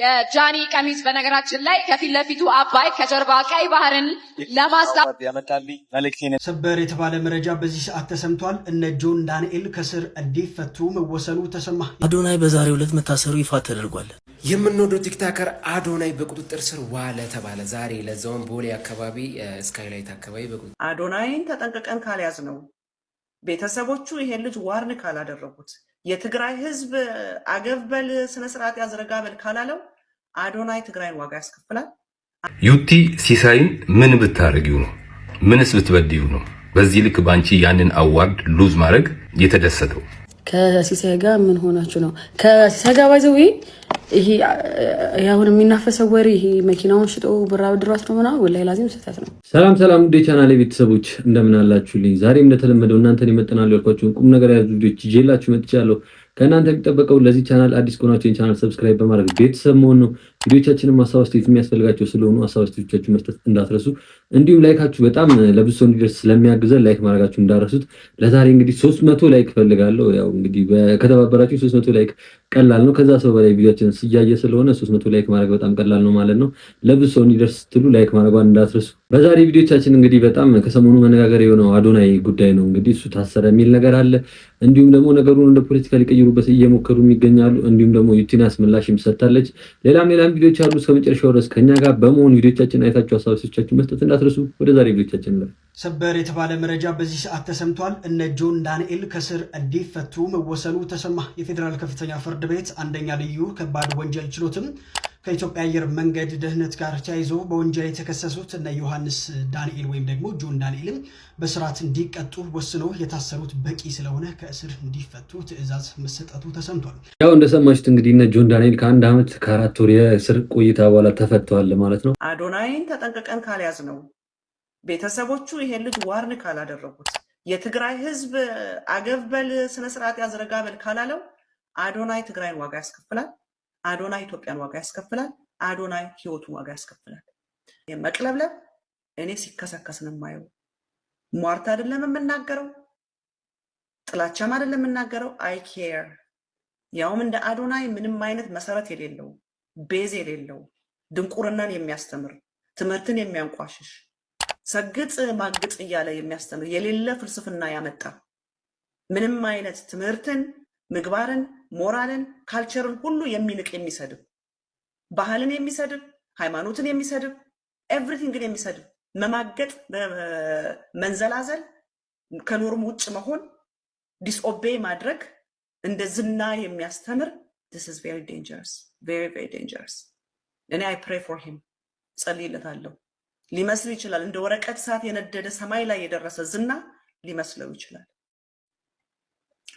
የጃኒ ቀሚስ በነገራችን ላይ ከፊት ለፊቱ አባይ ከጀርባ ቀይ ባህርን ለማስላት ያመጣልኝ ሰበር የተባለ መረጃ በዚህ ሰዓት ተሰምቷል። እነ ጆን ዳንኤል ከስር እንዲፈቱ መወሰኑ ተሰማ። አዶናይ በዛሬው ዕለት መታሰሩ ይፋ ተደርጓል። የምንወደው ቲክታከር አዶናይ በቁጥጥር ስር ዋለ ተባለ ዛሬ። ለዛውን ቦሌ አካባቢ ስካይላይት አካባቢ አዶናይን ተጠንቀቀን ካልያዝ ነው ቤተሰቦቹ ይሄን ልጅ ዋርን ካላደረጉት የትግራይ ህዝብ አገብበል ስነስርዓት ያዝረጋበል ካላለው አዶናይ ትግራይን ዋጋ ያስከፍላል። ዩቲ ሲሳይን ምን ብታደርጊው ነው? ምንስ ብትበድዩ ነው በዚህ ልክ በአንቺ ያንን አዋርድ ሉዝ ማድረግ የተደሰተው? ከሲሳይ ጋር ምን ሆናችሁ ነው? ከሲሳይ ጋር ባይዘው ይሄ አሁን የሚናፈሰው ወሬ ይሄ መኪናውን ሽጦ ብር አብድሯት ነው ምናምን ወላሂ ላዚም ስህተት ነው። ሰላም ሰላም፣ ውዴ ቻናሌ ቤተሰቦች እንደምን አላችሁልኝ? ዛሬም እንደተለመደው እናንተን ይመጥናሉ ያልኳችሁን ቁም ነገር ያዙ ልጆች ይዤላችሁ መጥቻለሁ። ከእናንተ የሚጠበቀው ለዚህ ቻናል አዲስ ከሆናችሁ ቻናል ሰብስክራይብ በማድረግ ቤተሰብ መሆን ነው። ቪዲዮቻችንን ማሳወስት የሚያስፈልጋቸው ስለሆኑ አሳወስቶቻችሁ መስጠት እንዳትረሱ። እንዲሁም ላይካችሁ በጣም ለብዙ ሰው እንዲደርስ ስለሚያግዘን ላይክ ማድረጋችሁ እንዳረሱት። ለዛሬ እንግዲህ ሶስት መቶ ላይክ ፈልጋለሁ። ያው እንግዲህ ከተባበራችሁ ሶስት መቶ ላይክ ቀላል ነው። ከዛ ሰው በላይ ቪዲዮችን ስያየ ስለሆነ ሶስት መቶ ላይክ ማድረግ በጣም ቀላል ነው ማለት ነው። ለብዙ ሰው እንዲደርስ ስትሉ ላይክ ማድረጓን እንዳትረሱ። በዛሬ ቪዲዮቻችን እንግዲህ በጣም ከሰሞኑ መነጋገር የሆነው አዶናይ ጉዳይ ነው። እንግዲህ እሱ ታሰረ የሚል ነገር አለ። እንዲሁም ደግሞ ነገሩን እንደ ፖለቲካ ሊቀይሩበት እየሞከሩ ይገኛሉ። እንዲሁም ደግሞ ዩቲናስ ምላሽም ሰጥታለች። ሌላም ሌላም ቪዲዮች አሉ። እስከመጨረሻው ድረስ ከኛ ጋር በመሆን ቪዲዮቻችን አይታችሁ ሀሳቦቻችሁ መስጠት እንዳትረሱ እንዳትረሱ። ወደ ዛሬ ብቻችን ነው። ሰበር የተባለ መረጃ በዚህ ሰዓት ተሰምቷል። እነ ጆን ዳንኤል ከስር እንዲፈቱ መወሰኑ ተሰማ። የፌዴራል ከፍተኛ ፍርድ ቤት አንደኛ ልዩ ከባድ ወንጀል ችሎትም ከኢትዮጵያ አየር መንገድ ደህንነት ጋር ተያይዞ በወንጀል የተከሰሱት እነ ዮሐንስ ዳንኤል ወይም ደግሞ ጆን ዳንኤልም በስርዓት እንዲቀጡ ወስኖ የታሰሩት በቂ ስለሆነ ከእስር እንዲፈቱ ትዕዛዝ መሰጠቱ ተሰምቷል። ያው እንደሰማችሁት እንግዲህ እነ ጆን ዳንኤል ከአንድ ዓመት ከአራት ወር የእስር ቆይታ በኋላ ተፈተዋል ማለት ነው። አዶናይን ተጠንቀቀን ካልያዝ ነው ቤተሰቦቹ ይሄን ልጅ ዋርን ካላደረጉት የትግራይ ህዝብ አገብበል ስነስርዓት ያዝረጋበል ካላለው አዶናይ ትግራይን ዋጋ ያስከፍላል። አዶናይ ኢትዮጵያን ዋጋ ያስከፍላል። አዶናይ ህይወቱን ዋጋ ያስከፍላል። መቅለብለብ እኔ ሲከሰከስ ነው የማየው። ሟርት አይደለም የምናገረው፣ ጥላቻም አይደለም የምናገረው። አይ ኬር ያውም እንደ አዶናይ ምንም አይነት መሰረት የሌለው ቤዝ የሌለው ድንቁርናን የሚያስተምር ትምህርትን የሚያንቋሽሽ ሰግጥ ማግጥ እያለ የሚያስተምር የሌለ ፍልስፍና ያመጣ ምንም አይነት ትምህርትን ምግባርን፣ ሞራልን፣ ካልቸርን ሁሉ የሚንቅ የሚሰድብ ባህልን የሚሰድብ ሃይማኖትን የሚሰድብ ኤቭሪቲንግን የሚሰድብ መማገጥ፣ መንዘላዘል፣ ከኖርም ውጭ መሆን፣ ዲስኦቤ ማድረግ እንደ ዝና የሚያስተምር ዲስ ኢዝ ቬሪ ዴንጀረስ ቬሪ ቬሪ ዴንጀረስ። እኔ አይ ፕሬ ፎር ሂም ጸልይለታለሁ። ሊመስል ይችላል እንደ ወረቀት ሰዓት የነደደ ሰማይ ላይ የደረሰ ዝና ሊመስለው ይችላል።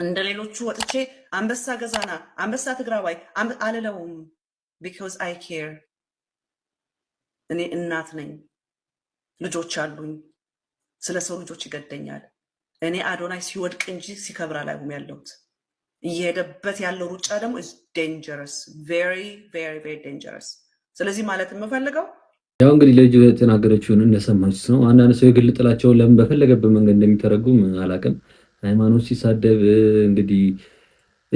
እንደ ሌሎቹ ወጥቼ አንበሳ ገዛና አንበሳ ትግራዋይ አልለውም። ቢኮዝ አይ ኬር እኔ እናት ነኝ፣ ልጆች አሉኝ። ስለ ሰው ልጆች ይገደኛል። እኔ አዶናይ ሲወድቅ እንጂ ሲከብር አላይሁም ያለሁት። እየሄደበት ያለው ሩጫ ደግሞ ኢዝ ዴንጀረስ ቬሪ ቬሪ ቬሪ ዴንጀረስ። ስለዚህ ማለት የምፈልገው ያው እንግዲህ ልጁ የተናገረችውን እንደሰማችሁት ነው። አንዳንድ ሰው የግል ጥላቸውን ለምን በፈለገበት መንገድ እንደሚተረጉም አላውቅም። ሃይማኖት ሲሳደብ እንግዲህ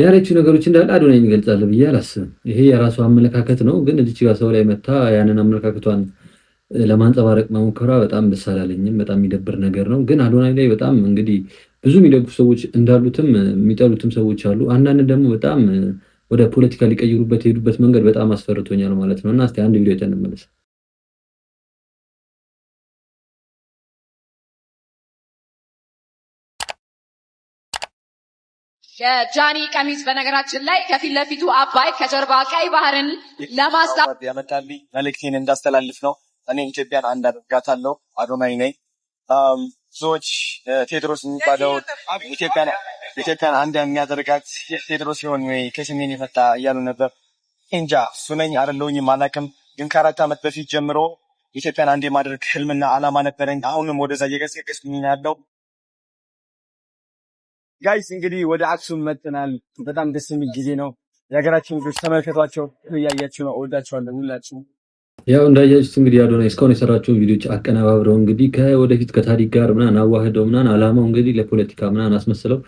ያለችው ነገሮች እንዳለ አዶናይን ይገልጻል ብዬ አላስብም። ይሄ የራሱ አመለካከት ነው፣ ግን እዚች ጋር ሰው ላይ መታ ያንን አመለካከቷን ለማንጸባረቅ መሞከሯ በጣም ደስ አላለኝም። በጣም የሚደብር ነገር ነው። ግን አዶናይ ላይ በጣም እንግዲህ ብዙ የሚደግፉ ሰዎች እንዳሉትም የሚጠሉትም ሰዎች አሉ። አንዳንድ ደግሞ በጣም ወደ ፖለቲካ ሊቀይሩበት የሄዱበት መንገድ በጣም አስፈርቶኛል ማለት ነው እና እስኪ አንድ ቪዲዮ ተንመለስ። የጃኒ ቀሚስ በነገራችን ላይ ከፊት ለፊቱ አባይ ከጀርባ ቀይ ባህርን ለማስታት ያመጣልኝ መልእክቴን እንዳስተላልፍ ነው። እኔ ኢትዮጵያን አንድ አደርጋታለሁ። አዶናይ ነኝ። ብዙዎች ቴድሮስ የሚባለው ኢትዮጵያን አንድ የሚያደርጋት ቴድሮስ ሲሆን ወይ ከሰሜን የፈታ እያሉ ነበር። እንጃ እሱ ነኝ አይደለሁኝም አላውቅም። ግን ከአራት ዓመት በፊት ጀምሮ ኢትዮጵያን አንድ የማድረግ ህልምና አላማ ነበረኝ። አሁንም ወደዛ እየገሰገስኩኝ ያለው ጋይስ እንግዲህ ወደ አክሱም መጥናል። በጣም ደስ የሚል ጊዜ ነው። የሀገራችን ልጆች ተመልከቷቸው፣ እያያችሁ ነው። እወዳቸዋለሁ ሁላችሁ። ያው እንዳያችሁት እንግዲህ አዶናይ እስካሁን የሰራቸውን ቪዲዮች አቀነባብረው እንግዲህ ከወደፊት ከታሪክ ጋር ምናን አዋህደው ምናን አላማው እንግዲህ ለፖለቲካ ምናን አስመስለው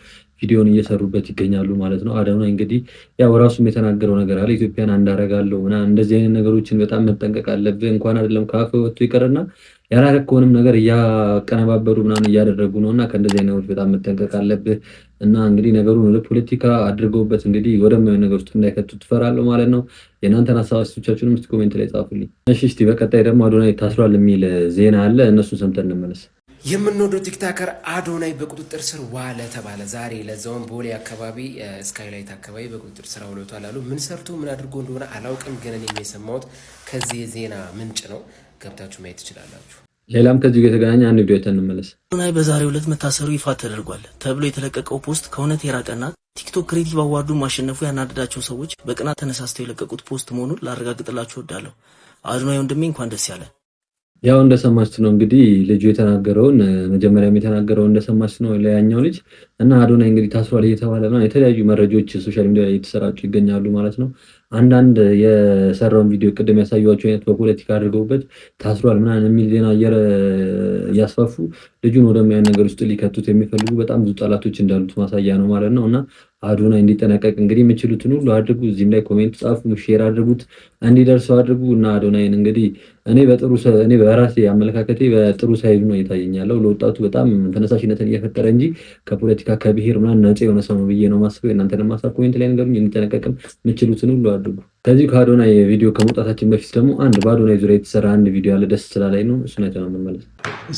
ቪዲዮን እየሰሩበት ይገኛሉ ማለት ነው። አዳምና እንግዲህ ያው ራሱም የተናገረው ነገር አለ። ኢትዮጵያን አንዳረጋለሁ ና እንደዚህ አይነት ነገሮችን በጣም መጠንቀቅ አለብህ። እንኳን አይደለም ከአፍ ወጥቶ ይቀርና ያላረከውንም ነገር እያቀነባበሩ ምናምን እያደረጉ ነው እና ከእንደዚህ አይነት ነገሮች በጣም መጠንቀቅ አለብህ እና እንግዲህ ነገሩን ወደ ፖለቲካ አድርገውበት እንግዲህ ወደማይሆን ነገር ውስጥ እንዳይከቱ ትፈራለሁ ማለት ነው። የእናንተን ሀሳብ አስተያየቶቻችሁንም እስቲ ኮሜንት ላይ ጻፉልኝ። እሺ፣ እስቲ በቀጣይ ደግሞ አዶናይ ታስሯል የሚል ዜና አለ። እነሱን ሰምተን እንመለስ። የምንወደው ቲክታከር አዶናይ በቁጥጥር ስር ዋለ ተባለ። ዛሬ ለዛውን ቦሌ አካባቢ ስካይላይት አካባቢ በቁጥጥር ስር አውለቷል አሉ። ምን ሰርቶ ምን አድርጎ እንደሆነ አላውቅም፣ ግን እኔም የሰማሁት ከዚህ የዜና ምንጭ ነው። ገብታችሁ ማየት ትችላላችሁ። ሌላም ከዚህ ጋር የተገናኘ አንድ ቪዲዮ እንመለስ። አዶናይ በዛሬው ዕለት መታሰሩ ይፋ ተደርጓል ተብሎ የተለቀቀው ፖስት ከእውነት የራቀና ቲክቶክ ክሬቲቭ አዋርዱን ማሸነፉ ያናደዳቸው ሰዎች በቅናት ተነሳስተው የለቀቁት ፖስት መሆኑን ላረጋግጥላችሁ እወዳለሁ። አዶናይ ወንድሜ እንኳን ደስ ያለ ያው እንደሰማችት ነው እንግዲህ ልጁ የተናገረውን መጀመሪያም የተናገረው እንደሰማች ነው ለያኛው ልጅ እና አዶናይ እንግዲህ ታስሯል እየተባለ ነው። የተለያዩ መረጃዎች ሶሻል ሚዲያ ላይ እየተሰራጩ ይገኛሉ ማለት ነው። አንዳንድ የሰራውን ቪዲዮ ቅድም ያሳዩቸው አይነት በፖለቲካ አድርገውበት ታስሯል ምናምን የሚል ዜና እያስፋፉ ልጁን ወደሚያን ነገር ውስጥ ሊከቱት የሚፈልጉ በጣም ብዙ ጠላቶች እንዳሉት ማሳያ ነው ማለት ነው እና አዶናይ እንዲጠነቀቅ እንግዲህ የምችሉትን ሁሉ አድርጉ። እዚህም ላይ ኮሜንት ጻፉ፣ ሼር አድርጉት፣ እንዲደርሰው አድርጉ እና አዶናይን እንግዲህ እኔ በጥሩ እኔ በራሴ አመለካከቴ በጥሩ ሳይዱ ነው እየታየኛለው። ለወጣቱ በጣም ተነሳሽነትን እየፈጠረ እንጂ ከፖለቲካ ከብሄር ምናምን ነፃ የሆነ ሰው ነው ብዬ ነው ማስበው። እናንተን ማሳብ ኮሜንት ላይ ነገሩ እንዲጠነቀቅም የምችሉትን ሁሉ አድርጉ። ከዚህ ከአዶናይ ቪዲዮ ከመውጣታችን በፊት ደግሞ አንድ በአዶናይ ዙሪያ የተሰራ አንድ ቪዲዮ አለ፣ ደስ ስላላይ ነው እሱን አይተነው እንመለስ።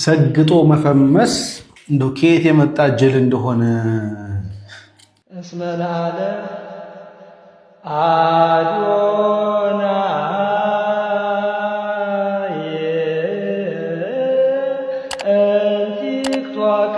ሰግጦ መፈመስ እንደ ከየት የመጣ ጅል እንደሆነ እስመላለ አለ አዶና እንቲክቷቀ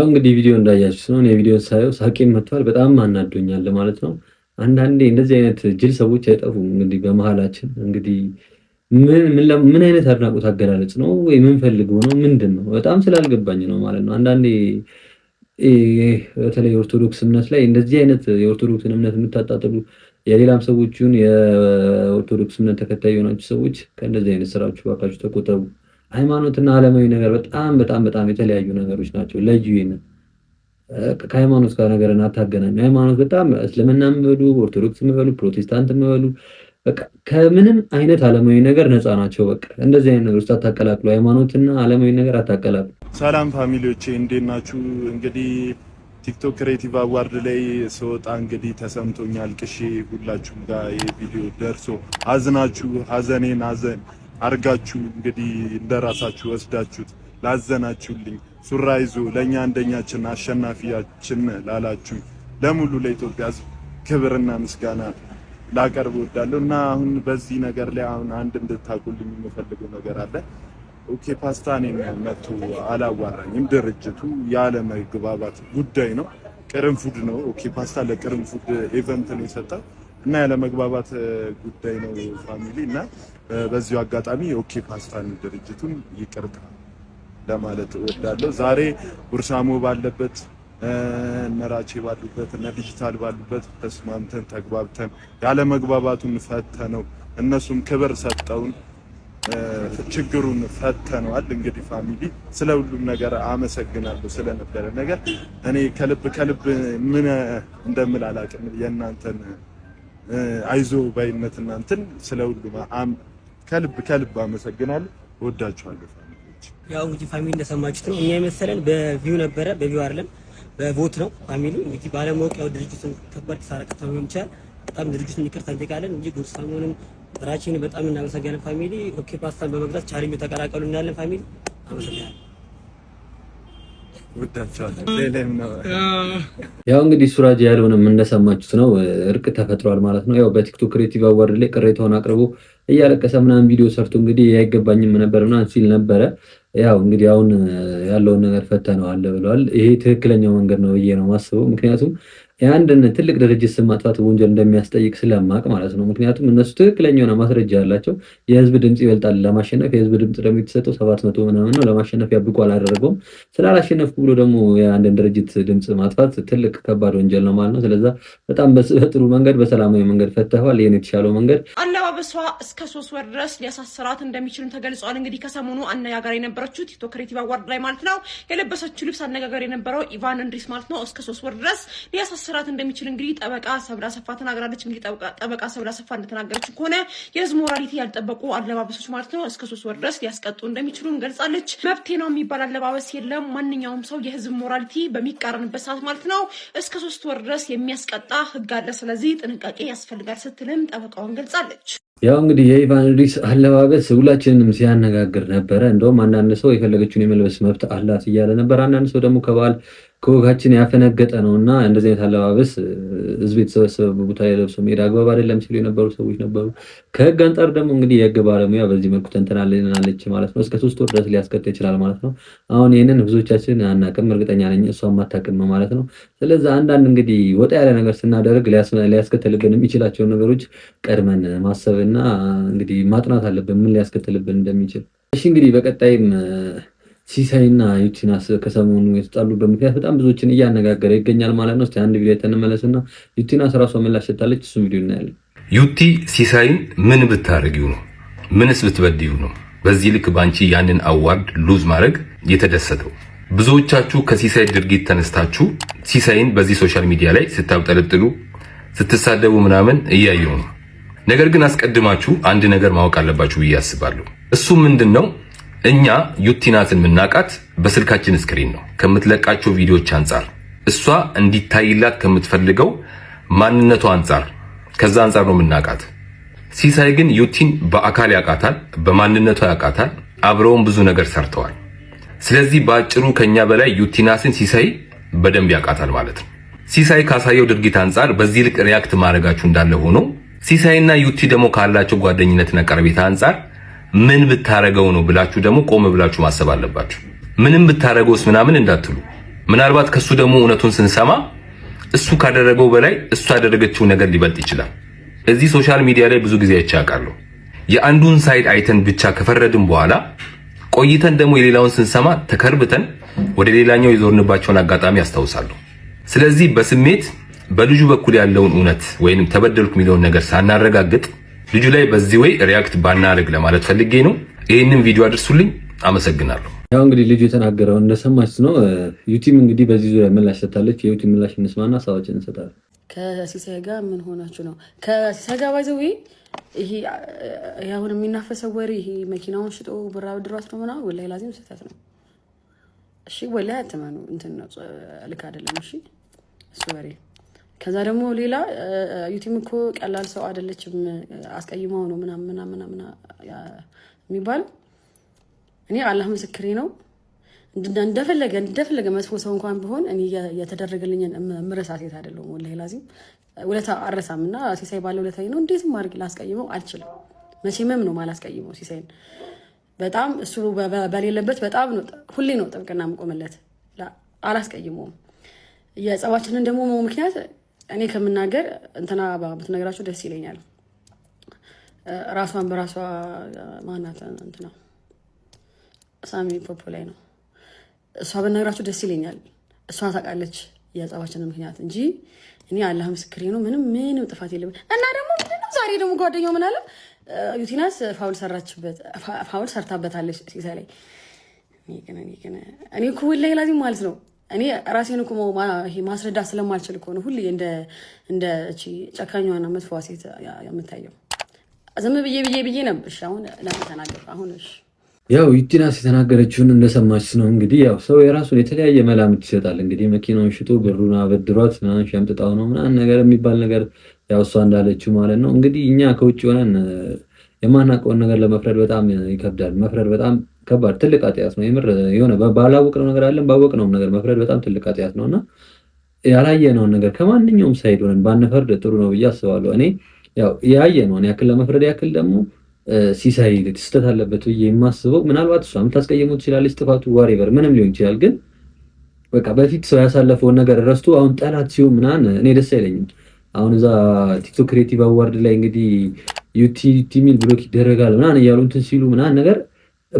ያው እንግዲህ ቪዲዮ እንዳያችሁ ስለሆነ የቪዲዮ ሳየው ሳቄም መጥቷል። በጣም አናዶኛል ማለት ነው። አንዳንዴ እንደዚህ አይነት ጅል ሰዎች አይጠፉም። እንግዲህ በመሀላችን እንግዲህ ምን አይነት አድናቆት አገላለጽ ነው ወይ የምንፈልገው ነው ምንድን ነው? በጣም ስላልገባኝ ነው ማለት ነው። አንዳንዴ በተለይ የኦርቶዶክስ እምነት ላይ እንደዚህ አይነት የኦርቶዶክስን እምነት የምታጣጥሉ የሌላም ሰዎችን የኦርቶዶክስ እምነት ተከታይ የሆናችሁ ሰዎች ከእንደዚህ አይነት ስራዎች ባካችሁ ተቆጠቡ። ሃይማኖትና ዓለማዊ ነገር በጣም በጣም በጣም የተለያዩ ነገሮች ናቸው። ለዩ ከሃይማኖት ጋር ነገር አታገናኙ። ሃይማኖት በጣም እስልምና የምበሉ ኦርቶዶክስ የምበሉ ፕሮቴስታንት የምበሉ ከምንም አይነት ዓለማዊ ነገር ነፃ ናቸው። በቃ እንደዚህ አይነት ነገር ውስጥ አታቀላቅሉ። ሃይማኖትና ዓለማዊ ነገር አታቀላቅሉ። ሰላም ፋሚሊዎቼ እንዴት ናችሁ? እንግዲህ ቲክቶክ ክሬቲቭ አዋርድ ላይ ስወጣ እንግዲህ ተሰምቶኛል። ቅሼ ሁላችሁም ጋር የቪዲዮ ደርሶ አዝናችሁ ሀዘኔን አዘን አርጋችሁ እንግዲህ እንደራሳችሁ ወስዳችሁት ላዘናችሁልኝ ሱራ ይዞ ለእኛ አንደኛችን አሸናፊያችን ላላችሁ ለሙሉ ለኢትዮጵያ ሕዝብ ክብርና ምስጋና ላቀርብ እወዳለሁ እና አሁን በዚህ ነገር ላይ አሁን አንድ እንድታቁልኝ የምፈልገው ነገር አለ። ኦኬ ፓስታ እኔን መቶ አላዋራኝም። ድርጅቱ ያለመግባባት ጉዳይ ነው። ቅርንፉድ ነው። ኦኬ ፓስታ ለቅርንፉድ ኢቨንት ነው የሰጠው እና ያለመግባባት ጉዳይ ነው ፋሚሊ እና በዚሁ አጋጣሚ ኦኬ ፓስታን ድርጅቱን ይቅርታ ለማለት እወዳለሁ። ዛሬ ቡርሳሙ ባለበት እነራቼ ባሉበት እነ ዲጂታል ባሉበት ተስማምተን ተግባብተን ያለመግባባቱን ፈተነው፣ እነሱም ክብር ሰጠውን፣ ችግሩን ፈተነዋል። እንግዲህ ፋሚሊ ስለ ሁሉም ነገር አመሰግናለሁ ስለነበረ ነገር እኔ ከልብ ከልብ ምን እንደምል አላውቅም የእናንተን አይዞ ባይነት እናንተን ስለ ሁሉም አም ከልብ ከልብ አመሰግናለሁ። እወዳችኋለሁ። ያው እንግዲህ ፋሚሊ እንደሰማችሁት ነው። እኛ የመሰለን በቪው ነበረ፣ በቪው አይደለም በቮት ነው። ፋሚሊ እንግዲህ ባለማወቅ ያው ድርጅቱን ከባድ ተሳራ ከተማ ይችላል። በጣም ድርጅቱን ይቅርታ እንጠይቃለን እንጂ ጉሳሙንም ራችን በጣም እናመሰግናለን ፋሚሊ። ኦኬ ፓስታን በመግዛት ቻሪም ተቀላቀሉ እናያለን ፋሚሊ። አመሰግናለሁ። ያው እንግዲህ ሱራጅ ያለውንም እንደሰማችሁት ነው። እርቅ ተፈጥሯል ማለት ነው። ያው በቲክቶክ ክሬቲቭ አዋርድ ላይ ቅሬታውን አቅርቦ እያለቀሰ ምናምን ቪዲዮ ሰርቶ እንግዲህ አይገባኝም ነበር ምናምን ሲል ነበረ። ያው እንግዲህ አሁን ያለውን ነገር ፈተነዋል ብለዋል። ይሄ ትክክለኛው መንገድ ነው ብዬ ነው ማስበው። ምክንያቱም የአንድን ትልቅ ድርጅት ስም ማጥፋት ወንጀል እንደሚያስጠይቅ ስለማቅ ማለት ነው። ምክንያቱም እነሱ ትክክለኛ የሆነ ማስረጃ ያላቸው የህዝብ ድምፅ ይበልጣል ለማሸነፍ የህዝብ ድምፅ ደግሞ የተሰጠው ሰባት መቶ ምናምን ነው ለማሸነፍ ያብቁ አላደረገውም። ስላላሸነፍኩ ብሎ ደግሞ የአንድን ድርጅት ድምፅ ማጥፋት ትልቅ ከባድ ወንጀል ነው ማለት ነው። ስለዛ በጣም በጥሩ መንገድ በሰላማዊ መንገድ ፈተዋል። ይህን የተሻለው መንገድ አብሷ እስከ ሶስት ወር ድረስ ሊያሳስራት እንደሚችልም ተገልጿል። እንግዲህ ከሰሞኑ አነጋጋሪ የነበረችው ቲክቶክ ክሬቲቭ አዋርድ ላይ ማለት ነው የለበሰችው ልብስ አነጋጋሪ የነበረው ኢቫን እንድሪስ ማለት ነው እስከ ሶስት ወር ድረስ ሊያሳስራት እንደሚችል እንግዲህ ጠበቃ ሰብለ ሰፋ ተናግራለች። እንግዲህ ጠበቃ ሰብላ ሰፋ እንደተናገረች ከሆነ የህዝብ ሞራሊቲ ያልጠበቁ አለባበሶች ማለት ነው እስከ ሶስት ወር ድረስ ሊያስቀጡ እንደሚችሉም ገልጻለች። መብቴ ነው የሚባል አለባበስ የለም። ማንኛውም ሰው የህዝብ ሞራሊቲ በሚቃረንበት ሰዓት ማለት ነው እስከ ሶስት ወር ድረስ የሚያስቀጣ ህግ አለ። ስለዚህ ጥንቃቄ ያስፈልጋል ስትልም ጠበቃውን ገልጻለች። ያው እንግዲህ የኢቫንሪስ አለባበስ ሁላችንንም ሲያነጋግር ነበረ። እንደውም አንዳንድ ሰው የፈለገችውን የመልበስ መብት አላት እያለ ነበር። አንዳንድ ሰው ደግሞ ከበዓል ከወጋችን ያፈነገጠ ነው እና እንደዚህ አይነት አለባበስ ህዝብ የተሰበሰበ ቦታ ላይ ለብሶ መሄድ አግባብ አይደለም ሲሉ የነበሩ ሰዎች ነበሩ። ከህግ አንጻር ደግሞ እንግዲህ የህግ ባለሙያ በዚህ መልኩ ተንተናለናለች ማለት ነው። እስከ ሶስት ወር ድረስ ሊያስቀጥ ይችላል ማለት ነው። አሁን ይህንን ብዙዎቻችን አናቅም፣ እርግጠኛ ነኝ እሷ ማታቅም ማለት ነው። ስለዚህ አንዳንድ እንግዲህ ወጣ ያለ ነገር ስናደርግ ሊያስከትልብን የሚችላቸውን ነገሮች ቀድመን ማሰብና እንግዲህ ማጥናት አለብን ምን ሊያስከትልብን እንደሚችል። እሺ እንግዲህ በቀጣይም ሲሳይና ዩቲናስ ከሰሞኑ የተጣሉበት ምክንያት በጣም ብዙዎችን እያነጋገረ ይገኛል ማለት ነው። እስኪ አንድ ቪዲዮ የተንመለስና ዩቲናስ ራሷ ምላሽ ሰጥታለች። እሱም ቪዲዮ እናያለን። ዩቲ ሲሳይን ምን ብታደርጊው ነው? ምንስ ብትበድዩ ነው በዚህ ልክ በአንቺ ያንን አዋርድ ሉዝ ማድረግ የተደሰተው? ብዙዎቻችሁ ከሲሳይ ድርጊት ተነስታችሁ ሲሳይን በዚህ ሶሻል ሚዲያ ላይ ስታብጠለጥሉ ስትሳደቡ ምናምን እያየው ነው። ነገር ግን አስቀድማችሁ አንድ ነገር ማወቅ አለባችሁ ብዬ አስባለሁ። እሱ ምንድን ነው? እኛ ዩቲናትን የምናውቃት በስልካችን ስክሪን ነው ከምትለቃቸው ቪዲዮዎች አንጻር እሷ እንዲታይላት ከምትፈልገው ማንነቷ አንጻር ከዛ አንጻር ነው የምናውቃት። ሲሳይ ግን ዩቲን በአካል ያውቃታል፣ በማንነቷ ያውቃታል። አብረውም ብዙ ነገር ሰርተዋል። ስለዚህ በአጭሩ ከኛ በላይ ዩቲናስን ሲሳይ በደንብ ያውቃታል ማለት ነው። ሲሳይ ካሳየው ድርጊት አንጻር በዚህ ልቅ ሪያክት ማድረጋችሁ እንዳለ ሆኖ ሲሳይና ዩቲ ደግሞ ካላቸው ጓደኝነትና ቀረቤታ አንጻር ምን ብታረገው ነው ብላችሁ ደግሞ ቆም ብላችሁ ማሰብ አለባችሁ። ምንም ብታረገውስ ምናምን እንዳትሉ። ምናልባት ከሱ ደግሞ እውነቱን ስንሰማ እሱ ካደረገው በላይ እሱ ያደረገችው ነገር ሊበልጥ ይችላል። እዚህ ሶሻል ሚዲያ ላይ ብዙ ጊዜ አይቻቃለሁ። የአንዱን ሳይድ አይተን ብቻ ከፈረድን በኋላ ቆይተን ደግሞ የሌላውን ስንሰማ ተከርብተን ወደ ሌላኛው የዞርንባቸውን አጋጣሚ ያስታውሳሉ። ስለዚህ በስሜት በልጁ በኩል ያለውን እውነት ወይም ተበደልኩ የሚለውን ነገር ሳናረጋግጥ ልጁ ላይ በዚህ ወይ ሪያክት ባናደርግ ለማለት ፈልጌ ነው። ይህንን ቪዲዮ አድርሱልኝ። አመሰግናለሁ። ያው እንግዲህ ልጁ የተናገረው እንደሰማች ነው። ዩቲም እንግዲህ በዚህ ዙሪያ ምላሽ ሰጥታለች። የዩቲም ምላሽ እንስማና ሀሳባችን እንሰጣለን። ከሲሳይ ጋር ምን ሆናችሁ ነው? ከሲሳይ ጋር ባይዘዊ ይሄ አሁን የሚናፈሰው ወሬ ይሄ መኪናውን ሽጦ ብር አብድሯት ነው ምናምን፣ ወላሂ ላዚም ስህተት ነው። እሺ ወላሂ አትመኑ። እንትን ነው ልክ አይደለም። እሺ እሱ ወሬ ከዛ ደግሞ ሌላ ዩቲም እኮ ቀላል ሰው አይደለችም፣ አስቀይመው ነው ምናምን ምናምን የሚባል እኔ አላህ ምስክሬ ነው። እንደፈለገ እንደፈለገ መጥፎ ሰው እንኳን ቢሆን እኔ የተደረገልኝን ምረሳ ሴት አይደለሁም። ወላሂ ላዚም ውለታ አረሳም እና ሲሳይ ባለ ለታ ነው። እንዴትም አድርግ ላስቀይመው አልችልም። መቼምም ነው ማላስቀይመው ሲሳይን። በጣም እሱ በሌለበት በጣም ሁሌ ነው ጥብቅና የምቆምለት፣ አላስቀይመውም። የጸባችንን ደግሞ ምክንያት እኔ ከምናገር እንትና ብትነግራቸው ደስ ይለኛል። ራሷን በራሷ ማናት እንትና ሳሚ ፖፖ ላይ ነው። እሷ ብትነግራቸው ደስ ይለኛል። እሷ ታውቃለች የጸባችንን ምክንያት እንጂ እኔ አላህ ምስክሬ ነው። ምንም ምንም ጥፋት የለም። እና ደግሞ ምንም ዛሬ ደግሞ ጓደኛው ምን አለ ዩቲናስ ፋውል ሰራችበት፣ ፋውል ሰርታበታለች ሲሳ ላይ እኔ እኮ ወላሂ ላዚም ማለት ነው እኔ ራሴን እኮ ማስረዳ ስለማልችል ከሆነ ሁሌ እንደ ጨካኛዋና መጥፎ ሴት የምታየው ዝም ብዬ ብዬ ብዬ ነብሽ። አሁን ለምን ተናገርኩ? አሁን እሺ፣ ያው ዩቲናስ የተናገረችውን እንደሰማች ነው እንግዲህ። ያው ሰው የራሱን የተለያየ መላምት ይሰጣል እንግዲህ። መኪናውን ሽጦ ብሩን አበድሯት ምናምን ሸምጥጣው ነው ምናምን ነገር የሚባል ነገር ያው እሷ እንዳለችው ማለት ነው እንግዲህ። እኛ ከውጭ ሆነን የማናውቀውን ነገር ለመፍረድ በጣም ይከብዳል። መፍረድ በጣም ከባድ ትልቅ አጥያት ነው። የምር የሆነ ባላወቅነው ነገር አለን ባወቅነውም ነገር መፍረድ በጣም ትልቅ አጥያት ነው እና ያላየነውን ነገር ከማንኛውም ሳይድ ሆነን ባንፈርድ ጥሩ ነው ብዬ አስባለሁ። እኔ ያው ያየነውን ያክል ለመፍረድ ያክል ደግሞ ሲሳይ ስህተት አለበት ብዬ የማስበው ምናልባት እሷ የምታስቀየሙ ትችላለች፣ ጥፋቱ ዋሬቨር ምንም ሊሆን ይችላል። ግን በቃ በፊት ሰው ያሳለፈውን ነገር ረስቶ አሁን ጠላት ሲሆን ምናምን እኔ ደስ አይለኝም። አሁን እዛ ቲክቶክ ክሬቲቭ አዋርድ ላይ እንግዲህ ዩቲ ሚል ብሎክ ይደረጋል ምናምን እያሉ እንትን ሲሉ ምናምን ነገር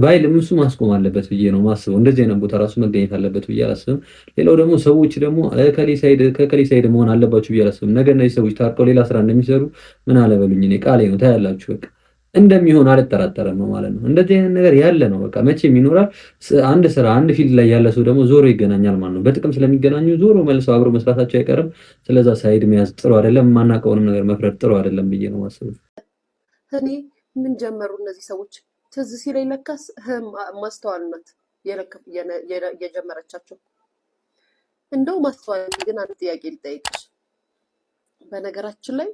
ባይልም እሱ ማስቆም አለበት ብዬ ነው ማስበው። እንደዚህ አይነት ቦታ ራሱ መገኘት አለበት ብዬ አላስብም። ሌላው ደግሞ ሰዎች ደግሞ ከከሌ ሳይድ መሆን አለባችሁ ብዬ አላስብም። ነገ እነዚህ ሰዎች ታርቀው ሌላ ስራ እንደሚሰሩ ምን አለበሉኝ፣ እኔ ቃሌ ነው ታያላችሁ። በቃ እንደሚሆን አልጠራጠረም ነው ማለት ነው። እንደዚህ አይነት ነገር ያለ ነው በቃ መቼም ይኖራል። አንድ ስራ አንድ ፊልድ ላይ ያለ ሰው ደግሞ ዞሮ ይገናኛል ማለት ነው። በጥቅም ስለሚገናኙ ዞሮ መልሰው አብሮ መስራታቸው አይቀርም። ስለዛ ሳይድ መያዝ ጥሩ አይደለም፣ የማናውቀውንም ነገር መፍረድ ጥሩ አይደለም ብዬ ነው ማስበው። እኔ ምን ጀመሩ እነዚህ ሰዎች ትዝ ሲለኝ ለካስ ማስተዋል ናት የጀመረቻቸው። እንደው ማስተዋል ግን አንድ ጥያቄ ልጠይቅሽ። በነገራችን ላይ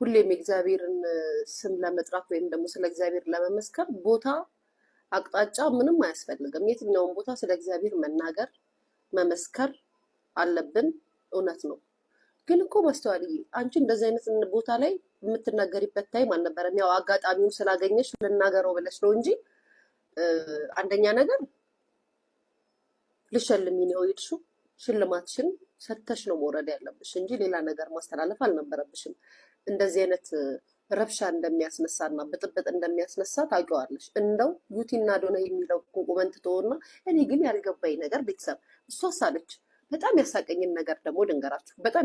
ሁሌም የእግዚአብሔርን ስም ለመጥራት ወይም ደግሞ ስለ እግዚአብሔር ለመመስከር ቦታ፣ አቅጣጫ ምንም አያስፈልግም። የትኛውን ቦታ ስለ እግዚአብሔር መናገር መመስከር አለብን። እውነት ነው። ግን እኮ ማስተዋልዬ አንቺ እንደዚህ አይነት ቦታ ላይ የምትናገሪበት ታይም አልነበረም። ያው አጋጣሚውን ስላገኘሽ ልናገረው ብለሽ ነው እንጂ አንደኛ ነገር ልሸልሚ ነው ይድሹ ሽልማትሽን ሰተሽ ነው መውረድ ያለብሽ እንጂ ሌላ ነገር ማስተላለፍ አልነበረብሽም። እንደዚህ አይነት ረብሻ እንደሚያስነሳ እና ብጥብጥ እንደሚያስነሳ ታውቂዋለሽ። እንደው ዩቲና ዶነ የሚለው ቁመንት ትሆና እኔ ግን ያልገባኝ ነገር ቤተሰብ እሷ ሳለች በጣም ያሳቀኝን ነገር ደግሞ ድንገራችሁ በጣም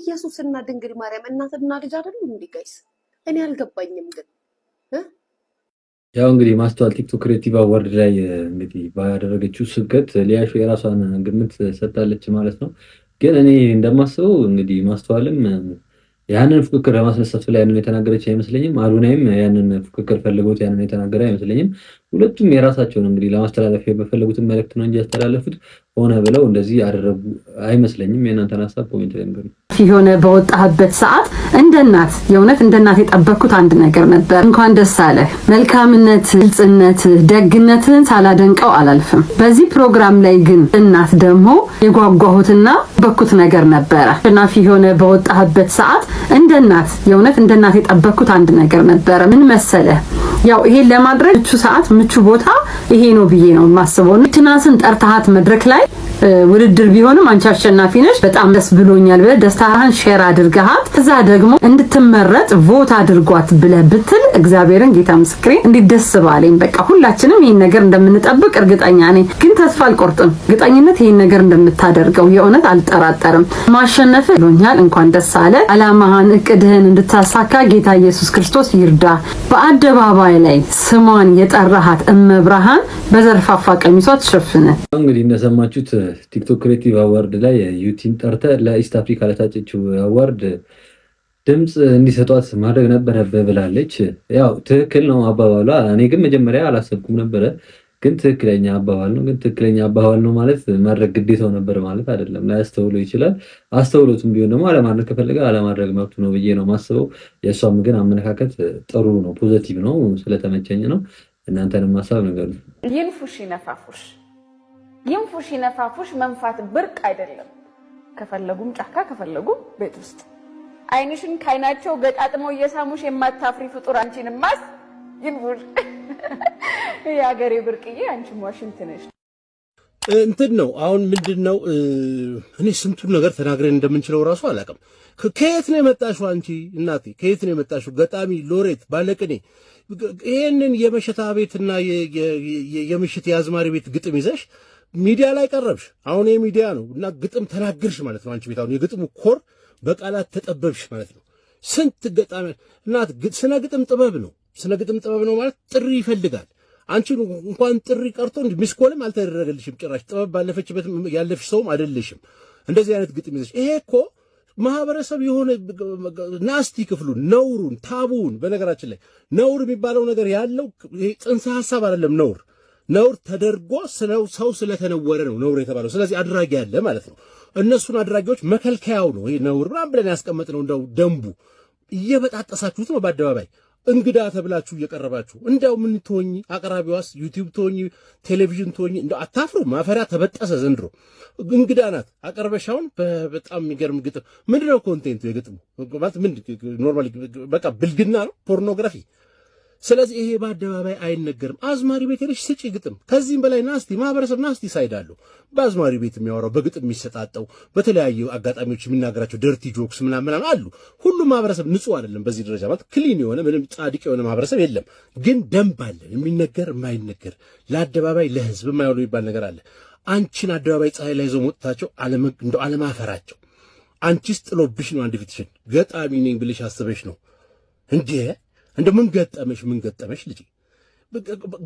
ኢየሱስ እና ድንግል ማርያም እናትና ልጅ አይደሉ እንዴ ጋይስ? እኔ አልገባኝም። ግን ያው እንግዲህ ማስተዋል ቲክቶክ ክሬቲቭ አዋርድ ላይ እንግዲህ ባደረገችው ስብከት ሊያሾ የራሷን ግምት ሰጥታለች ማለት ነው። ግን እኔ እንደማስበው እንግዲህ ማስተዋልም ያንን ፉክክር ለማስነሳት ላይ ያንን የተናገረች አይመስለኝም። አዶናይም ያንን ፉክክር ፈልጎት ያንን የተናገረ አይመስለኝም። ሁለቱም የራሳቸውን እንግዲህ ለማስተላለፍ በፈለጉትን መልእክት ነው እንጂ ያስተላለፉት ሆነ ብለው እንደዚህ አደረጉ አይመስለኝም። የእናንተን ሀሳብ ኮሜንት ላይ የሆነ በወጣህበት ሰዓት እንደ እናት የእውነት እንደ እናት የጠበቅኩት አንድ ነገር ነበር። እንኳን ደስ አለህ። መልካምነት፣ ግልጽነት፣ ደግነትን ሳላደንቀው አላልፍም። በዚህ ፕሮግራም ላይ ግን እናት ደግሞ የጓጓሁትና በኩት ነገር ነበረ። አሸናፊ የሆነ በወጣህበት ሰዓት እንደ እናት የእውነት እንደ እናት የጠበቅኩት አንድ ነገር ነበረ። ምን መሰለ ያው ይሄን ለማድረግ ምቹ ሰዓት ምቹ ቦታ ይሄ ነው ብዬ ነው የማስበው። ትናስን ጠርታሃት መድረክ ላይ ውድድር ቢሆንም አንቺ አሸናፊ ነሽ፣ በጣም ደስ ብሎኛል ብለህ ደስታ ፖስታህን ሼር አድርገሃት እዛ ደግሞ እንድትመረጥ ቮት አድርጓት ብለህ ብትል እግዚአብሔርን ጌታ ምስክሬ እንዴት ደስ ባለኝ። በቃ ሁላችንም ይህን ነገር እንደምንጠብቅ እርግጠኛ ነኝ። ግን ተስፋ አልቆርጥም። እርግጠኝነት ይህን ነገር እንደምታደርገው የእውነት አልጠራጠርም። ማሸነፍ ብሎኛል። እንኳን ደስ አለ። አላማህን እቅድህን እንድታሳካ ጌታ ኢየሱስ ክርስቶስ ይርዳ። በአደባባይ ላይ ስሟን የጠራሃት እመብርሃን በዘርፋፋ ቀሚሷ ትሸፍነ። እንግዲህ እንደሰማችሁት ቲክቶክ ክሬቲቭ አዋርድ ላይ ዩቲን ጠርተ ለኢስት አፍሪካ ለታጭ ላመጣችው አዋርድ ድምፅ እንዲሰጧት ማድረግ ነበረብህ ብላለች። ያው ትክክል ነው አባባሏ። እኔ ግን መጀመሪያ አላሰብኩም ነበረ፣ ግን ትክክለኛ አባባል ነው። ግን ትክክለኛ አባባል ነው ማለት ማድረግ ግዴታው ነበር ማለት አይደለም። ላያስተውሎ ይችላል። አስተውሎትም ቢሆን ደግሞ አለማድረግ ከፈለገ አለማድረግ መብቱ ነው ብዬ ነው ማስበው። የእሷም ግን አመለካከት ጥሩ ነው፣ ፖዘቲቭ ነው። ስለተመቸኝ ነው። እናንተንም ሀሳብ ነገር ይንፉሽ ይነፋፉሽ፣ ይንፉሽ ይነፋፉሽ፣ መንፋት ብርቅ አይደለም። ከፈለጉም ጫካ ከፈለጉም ቤት ውስጥ አይንሽን ካይናቸው ገጣጥመው እየሳሙሽ የማታፍሪ ፍጡር አንቺን ማስ ይንቡር የሀገሬ ብርቅዬ አንቺም ዋሽንግተን ነሽ። እንትን ነው አሁን ምንድን ነው እኔ ስንቱን ነገር ተናግረን እንደምንችለው እራሱ አላውቅም። ከየት ነው የመጣሽው አንቺ እናቴ? ከየት ነው የመጣሽው? ገጣሚ ሎሬት፣ ባለቅኔ ይህንን የመሸታ ቤትና የምሽት የአዝማሪ ቤት ግጥም ይዘሽ ሚዲያ ላይ ቀረብሽ፣ አሁን የሚዲያ ነው እና ግጥም ተናግርሽ ማለት ነው። አንቺ ቤት አሁን የግጥሙ ኮር በቃላት ተጠበብሽ ማለት ነው። ስንት ገጣሚ እናት ስነ ግጥም ጥበብ ነው። ስነ ግጥም ጥበብ ነው ማለት ጥሪ ይፈልጋል። አንቺ እንኳን ጥሪ ቀርቶ ሚስኮልም አልተደረገልሽም። ጭራሽ ጥበብ ባለፈችበት ያለፍሽ ሰውም አይደለሽም። እንደዚህ አይነት ግጥም ይዘሽ ይሄ እኮ ማህበረሰብ የሆነ ናስቲ ክፍሉን ነውሩን ታቡን በነገራችን ላይ ነውር የሚባለው ነገር ያለው ጽንሰ ሀሳብ አይደለም ነውር ነውር ተደርጎ ሰው ስለተነወረ ነው ነውር የተባለው። ስለዚህ አድራጊ አለ ማለት ነው። እነሱን አድራጊዎች መከልከያው ነው ይሄ ነውር ምናምን ብለን ያስቀመጥነው እንደው ደንቡ እየበጣጠሳችሁት ነው በአደባባይ እንግዳ ተብላችሁ እየቀረባችሁ እንደው ምን ትሆኝ አቅራቢዋስ ዩቲዩብ ትሆኝ ቴሌቪዥን ትሆኝ እንደው አታፍሩ ማፈሪያ ተበጠሰ ዘንድሮ እንግዳ ናት አቀርበሻውን በጣም የሚገርም ግጥም ምንድነው ኮንቴንቱ የግጥሙ ማለት ምን ኖርማሊ በቃ ብልግና ነው ፖርኖግራፊ ስለዚህ ይሄ በአደባባይ አይነገርም። አዝማሪ ቤት ሄደሽ ስጪ ግጥም። ከዚህም በላይ ናስቲ ማህበረሰብ ናስቲ ሳይዳሉ በአዝማሪ ቤት የሚያወራው በግጥም የሚሰጣጠው በተለያዩ አጋጣሚዎች የሚናገራቸው ደርቲ ጆክስ ምናምን ምናምን አሉ። ሁሉም ማህበረሰብ ንጹህ አይደለም። በዚህ ደረጃ ማለት ክሊን የሆነ ምንም ጻድቅ የሆነ ማህበረሰብ የለም። ግን ደንብ አለ፣ የሚነገር የማይነገር ለአደባባይ ለህዝብ የማይውሉ የሚባል ነገር አለ። አንቺን አደባባይ ፀሐይ ላይ ይዘው መውጣታቸው እንደ አለማፈራቸው። አንቺስ ጥሎብሽ ነው አንድ ፊትሽን ገጣሚ ነኝ ብልሽ አስበሽ ነው እንዲህ እንደ ምን ገጠመሽ ምን ገጠመሽ ልጅ?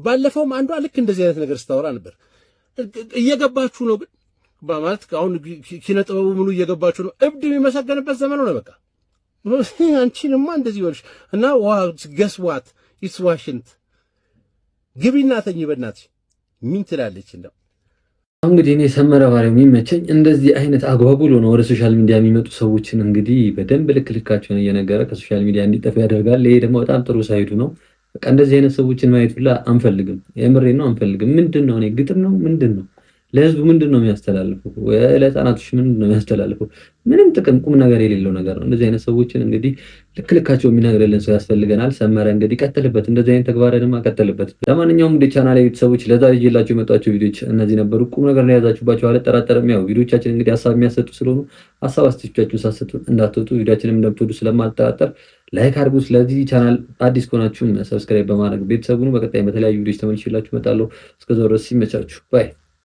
ባለፈውም አንዷ ልክ እንደዚህ አይነት ነገር ስታወራ ነበር። እየገባችሁ ነው ግን በማለት አሁን ኪነ ጥበቡ ምኑ እየገባችሁ ነው። እብድ የሚመሰገንበት ዘመን ነው። በቃ አንቺንማ እንደዚህ ሆንሽ እና ዋ ገስዋት ዋሽንት ግቢና ተኝ በናትሽ ምን ትላለች እንደው እንግዲህ እኔ ሰመረ ባሪያው የሚመቸኝ እንደዚህ አይነት አጓጉሎ ነው ወደ ሶሻል ሚዲያ የሚመጡ ሰዎችን እንግዲህ በደንብ ልክ ልካቸውን እየነገረ ከሶሻል ሚዲያ እንዲጠፉ ያደርጋል። ይሄ ደግሞ በጣም ጥሩ ሳይዱ ነው። በቃ እንደዚህ አይነት ሰዎችን ማየት ሁላ አንፈልግም። የምሬ ነው አንፈልግም። ምንድን ነው እኔ ግጥም ነው ምንድን ነው ለህዝቡ ምንድን ነው የሚያስተላልፈው? ለህፃናቶች ምንድን ነው የሚያስተላልፈው? ምንም ጥቅም ቁም ነገር የሌለው ነገር ነው። እንደዚህ አይነት ሰዎችን እንግዲህ ልክ ልካቸው የሚነግርልን ሰው ያስፈልገናል። ሰመረ እንግዲህ ቀጥልበት፣ እንደዚህ አይነት ተግባርንም ቀጥልበት። ለማንኛውም እንግዲህ ቻናል ቤተሰቦች ለዛ ይዤላቸው የመጧቸው ቪዲዮች እነዚህ ነበሩ። ቁም ነገር ነው የያዛችሁባቸው አልጠራጠርም። ያው ቪዲዮቻችን እንግዲህ ሀሳብ የሚያሰጡ ስለሆኑ ሀሳብ አስተቻችሁን ሳሰጡ እንዳትወጡ፣ ቪዲዮችንም እንደምትወዱ ስለማልጠራጠር ላይክ አድርጉ። ስለዚህ ቻናል አዲስ ከሆናችሁም ሰብስክራይብ በማድረግ ቤተሰቡን በቀጣይ በተለያዩ ቪዲዮች ተመልሼላችሁ እመጣለሁ። እስከዚያው ድረስ ይመቻችሁ ባይ